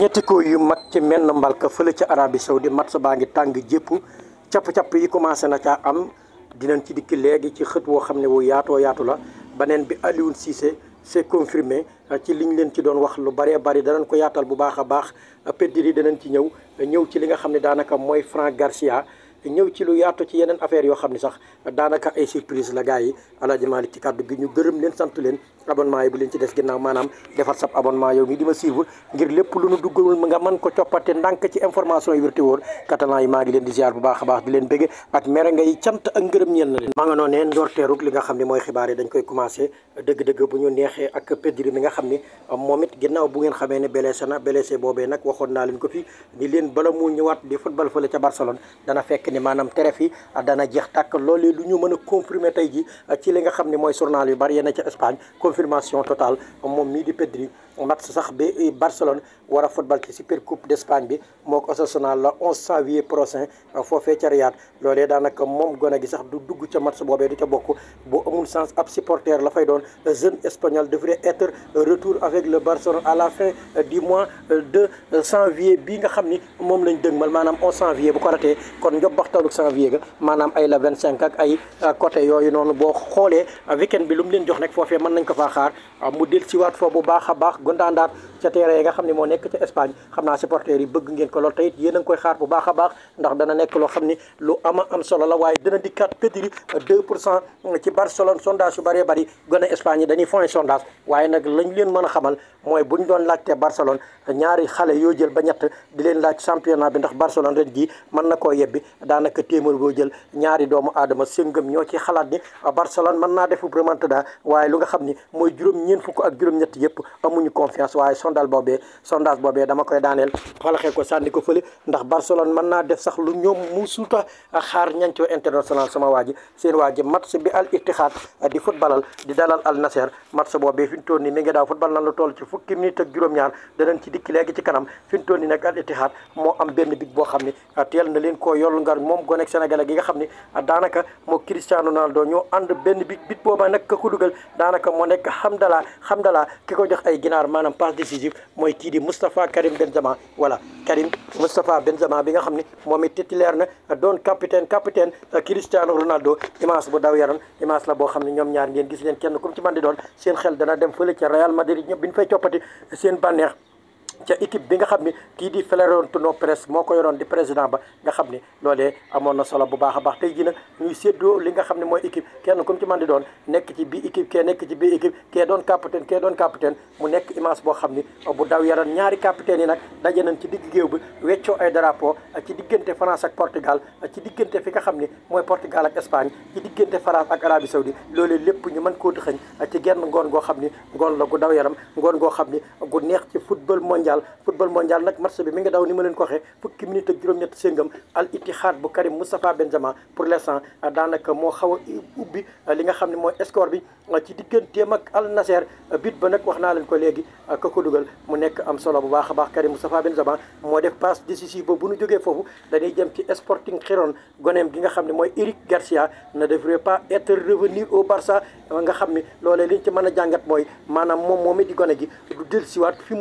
ñetti ko yu mag ci menn mbalka fële ca Arabie Saoudi match baa ngi tàng jëpp capp-capp yi commencé na caa am dinañ ci dikki léegi ci xët woo xam ne woo yaatoo yaatu la beneen bi Aliou Cissé c'est confirmé ci liñ leen ci doon wax lu bëree bëri danañ ko yaatal bu baax a baax Pedri danañ ci ñëw ñëw ci li nga xam ne daanaka mooy Franck Garcia ñëw ci lu yaatu ci yeneen affaire yoo xam ne sax daanaka ay surprise la gars yi Aladji ci kàddu gi ñu gërëm leen sant leen abonnement yi bu leen ci des ginnaaw maanaam defar sab abonnement yow mi di ma suivre ngir lépp lu nu duggalul nga mën ko coppate ndànk ci information yi wérte wóor yi maa ngi leen di ziar bu baax a baax di leen bëgge ak mere ngay cant ak ngërëm ñeel na leen maa nga noonu ne ndorteerug li nga xam ne mooy xibaar yi dañ koy commencé dëgg-dëgg bu ñu neexee ak Pedri mi bu ngeen xamee ne blessé na blessé boobee nag waxoon naa leen ko fi nekk ni maanaam teref yi dana jeex tàkk loolee lu ñu mën a confirmer tey ji ci li nga xam ne mooy journal yu bari na ca Espagne confirmation totale moom mii di Pedri match sax bi Barcelone war a football ci super coupe d'Espagne bi moo ko Osasuna la 11 janvier prochain foofee ca daanaka moom gone gi sax du dugg ca match boobee du ca bokk bu amul sens ab supporter la fay doon jeune espagnol devrait être retour avec le Barcelone à la fin du mois de janvier bi nga xam ni moom lañ mal maanaam 11 janvier bu ko ratee kon njobbaxtalu janvier ga maanaam ay la 25 ak ay côté yooyu noonu boo xoolee weekend bi lu mu leen jox nag foofee mën nañ ko faa xaar mu del ci baax baax gonda ndar ca terrain yi nga xam ne moo nekk ca Espagne xam naa supporters yi bëgg ngeen ko lool te it yéen koy xaar bu baax a baax ndax dana nekk loo xam ni lu ama am solo la waaye dina dikkaat pétiri 2 pour cent ci Barcelone sondage yu bëree bëri gone Espagne yi dañuy fon sondage waaye nag lañ leen mën a xamal mooy bu ñu doon laajte Barcelone ñaari xale yoo jël ba ñett di leen laaj championnat bi ndax Barcelone ren jii mën na koo yebbi daanaka téeméer boo jël ñaari doomu aadama seen ñoo ci xalaat ni Barcelone mën naa def remontada waaye lu nga xam ni mooy juróom ñeen fukk ak juróom-ñett yëpp amuñu confiance waaye sondal boobee sondage boobee dama koy daaneel xalaxee ko sànni ko fële ndax Barcelone mën naa def sax lu ñoom musuta xaar ñancoo international sama waa ji seen waa ji bi al ittixaat di footballal di dalal al Nasser match boobee fi mu toll nii mi lu toll ci fukki minute juróom-ñaar danañ moo am benn big boo xam ah, ne ah, ka ko dugal moo nekk Hamdallah Hamdallah ki ko jox ay ginaar maanaam passe décisive décisif mooy kii di Moustapha Karim Benzema voilà Karim Moustapha Benzema bi nga xam ne moom it titulaire na doon capitaine capitaine euh, Cristiano Ronaldo image bu daw yaram image la boo xam ne ñoom ñaar ngeen gis leen kenn comme ci man di doon seen xel dana dem fële ca Real Madrid ñëpp bi ñu fay coppati seen bànneex ca équipe bi nga xam ni kii di Florentino Pérez moo ko yoroon di président ba nga xam ni loolee amoon na solo bu baax a baax tey jii nag ñuy séddoo li nga xam ne mooy équipe kenn comme ci man di doon nekk ci bii équipe kee nekk ci bii équipe kee doon capitaine kee doon capitaine mu nekk image boo xam ni bu daw yaram ñaari capitaine yi nag daje nañ ci digg géew bi weccoo ay drapeau ci diggante France ak Portugal ci diggante fi nga xam ni mooy Portugal ak Espagne ci diggante France ak Arabie Saoudi loolee lépp ñu mën koo dëxëñ ci genn ngoon goo xam ni ngoon la gu daw yaram ngoon goo xam ni gu mondial football mondial nag match bi mi ngi daw ni ma leen ko waxee fukki minute juróom-ñett séngam al itihad bu Karim Moustapha Benzema pour l'instant daanaka moo xaw a ubbi li nga xam ne mooy score bi ci digganteem ak Al Nasser bit ba nag wax naa leen ko léegi ka ko dugal mu nekk am solo bu baax a baax Karim Moustapha Benzema moo def passe décisive ba bu ñu jógee foofu dañuy jëm ci Sporting Giron goneem gi nga xam ne mooy Eric Garcia ne devrait pas être revenu au Barça nga xam a jàngat mooy maanaam moom moom it di gone gi du dellusiwaat fi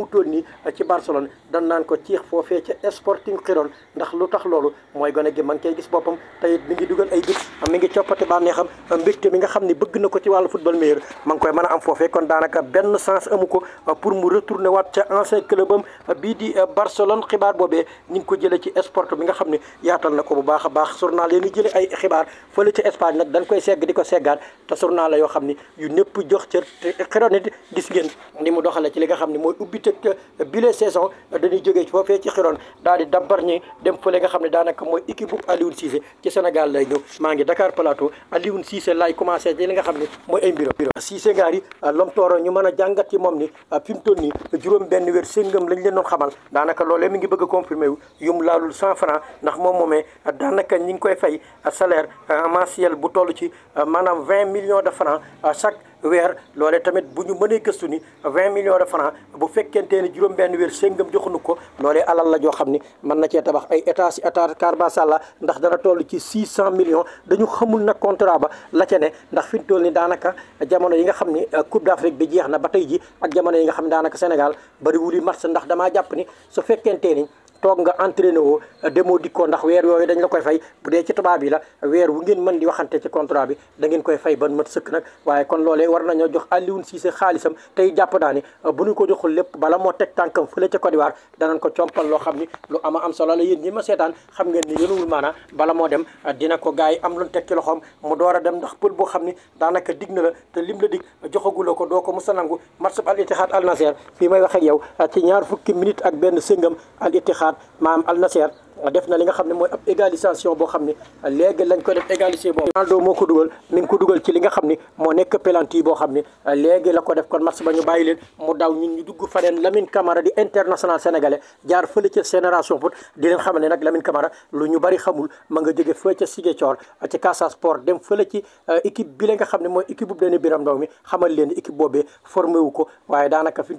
ci Barcelone dan naan ko ciix foofee ca Sporting Xiron ndax lu tax loolu mooy gone gi ma ngi koy gis boppam te it mi ngi dugal ay bit mi ngi coppati bànneexam mbégte mi nga xam ne bëgg na ko ci wàll football meilleur ma koy mën a am foofee kon daanaka benn sens amu ko pour mu retourner waat ca ancien club am bii Barcelone xibaar boobee ñu ngi ko jëlee ci sport bi nga xam ne yaatal na ko bu baax a baax journal yi ni jëlee ay xibaar fële ca Espagne nag dañ koy segg di ko seggaat te journal la yoo xam ne yu ñëpp jox ca Xiron it gis ngeen ni doxale ci li nga xam ne mooy ubbite bile les saisons dañuy jógee foofee ci xiroon daal di dabbar ñi dem fële nga xam ne daanaka mooy équipe bu Alioune Cissé ci Sénégal lay ñëw maa ngi dakaar Plateau Alioune Cissé laay commencé ci li nga xam ne mooy ay mbiram mbiram Cissé ngaar yi ah, ñu mën a jàngat ci moom ni ah, fi mu toll nii juróom benn weer séngam lañu leen doon xamal daanaka loolee mi ngi bëgg a confirmé wu yum laalul cent franc ndax moom moomee ah, daanaka ñi ngi koy fay salaire mensuel bu toll ci maanaam vingt millions de francs chaque weer loole tamit bu ñu mënee gëstu ni 20 millions de francs bu fekkentee ni juróom-benn weer séngam joxunu ko loolee alal la joo xam ni mën na cee tabax ay état si état Keur Massar ndax dana toll ci 600 millions dañu xamul na contrat ba la ca ne ndax fi mu toll ni daanaka jamono yi nga xam ni euh, Coupe d'Afrique bi jeex na ba tey ji ak jamono yi nga xam ne daanaka Sénégal bariwul yi match ndax damaa jàpp ni su fekkentee ni toog nga entraîné wo demoo dikkoo ndax weer yooyu dañ la koy fay bu dee ci tubaab yi la weer wu ngeen mën di waxante ci contrat bi da ngeen koy fay ban mat sëkk nag waaye kon loolee war nañoo jox Aliou Cissé xaalisam tey jàpp naa ni euh, bu ñu ko joxul lépp bala moo teg tànkam fële ca Côte d'Ivoire danañ ko compal loo xam ni lu ama am solo la yéen ñi ma seetaan xam ngeen ni yënuwul maanaa bala moo dem euh, dina ko gars yi am lu teg ci loxoom mu door dem ndax pël boo xam ni daanaka dig na la te lim la dig joxaguloo ko doo ko mos a nangu match Al Ittihad Al fii may wax ak yow euh, ci ñaar fukki minute ak benn sëngam Al Qatar maam Al Nassr def na li nga xam ne mooy ab égalisation boo xam ne léegi lañ ko def égalisé boobu Ronaldo moo xam ne moo nekk penalty boo xam ne léegi la ba ñu bàyyi leen mu daw ñun ñu dugg faneen Lamine Camara di international sénégalais jaar fële ca génération foot di leen xamal ne nag Lamine Camara lu ñu bari xamul ma nga jóge fële ca Ziguinchor ci Casa Sport dem fële ci euh, équipe bi la nga xam ne mooy équipe bu dani Biram Ndaw mi xamal leen équipe boobee formé ko waaye daanaka fi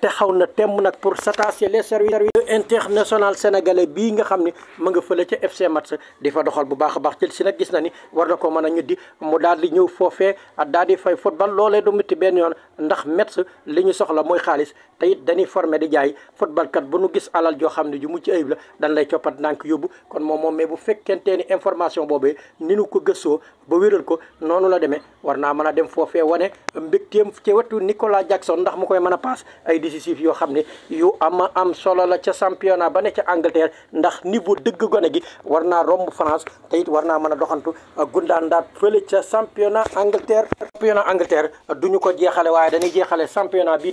te taxaw na temm nag pour s'attacher les services international sénégalais bii nga xam ne ma nga fële ca FC Metz di fa doxal bu baax a baax si nag gis na ni war na ko mën a ñu di mu daal di ñëw foofee daal di fay football loolee du métti benn yoon ndax Metz li ñu soxla mooy xaalis te it dañuy formé di jaay football kat ba nu gis alal joo xam ne ju mucc ayib la dañ lay coppat ndànk yóbbu kon moom moom mais bu fekkentee ni information boobee ni nu ko gëstoo ba wéral ko noonu la demee war naa mën a dem foofe wane mbégteem ci wetu Nicolas Jackson ndax mu koy mën a paas ay décisif yoo xam ne yu ama am solo la ca championnat ba ne ca Angleterre ndax niveau dëgg gone gi war naa romb France te it war naa mën a doxantu gundaandaat fële ca championnat Angleterre championnat Angleterre du ñu ko jeexale waaye dañuy jeexale championnat bii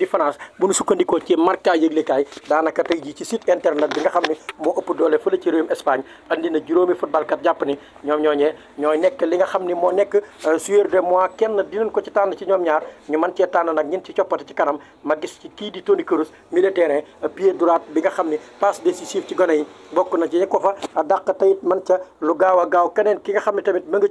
sukkandikoo ci marka yëglekaay daanaka tey jii ci site internet bi nga xam ne moo ëpp doole fële ci réewum Espagne andi na juróomi footballkat jàpp ni ñoom ñooñee ñooy nekk li nga xam ni moo nekk euh, sueur de mois kenn dinañ ko ci tànn ci ñoom ñaar ñu mën cee tànn nag ñin ci coppati ci kanam ma gis kii di Toni Kroos milieu euh, pied droit bi nga xam ni passe décisive ci gone yi bokk na ci ko fa dàq tayit man ca lu gaaw a gaaw keneen ki nga xam ne tamit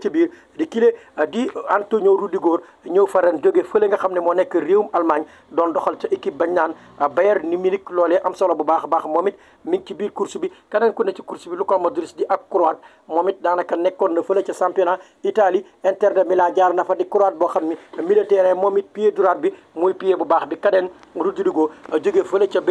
ndeysaan euh, Bayern Munich loolee am solo bu baax a baax moom it mi ngi ci biir course bi keneen ku ne ci course bi Luka Modric di ab croate moom it daanaka nekkoon na fële ca championnat Italie Inter de Milan jaar na fa di croate boo xam ni milieu terrain moom it pied droit bi bi keneen Rodrigo euh, jóge fële la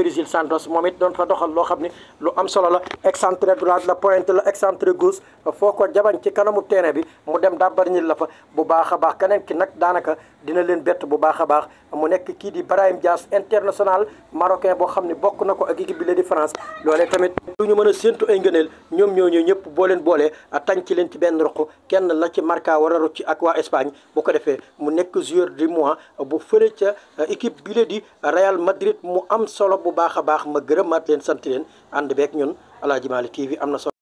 euh, bu a baax keneen ki a baax mu nekk kii di Brahim Diaz international international marocain boo xam ne bokk na ko ak équipe bi la di France loolee tamit lu ñu mën a séentu ay ngëneel ñoom ñooñu ñëpp boo leen boolee tànc leen ci benn roq kenn la ci marka war a rocc ak waa Espagne bu ko defee mu nekk joueur du mois bu fële ca euh, équipe bi la di Real Madrid mu am solo bu baax a baax ma gërëmaat leen sant leen ànd beeg ñun Aladji TV am na solo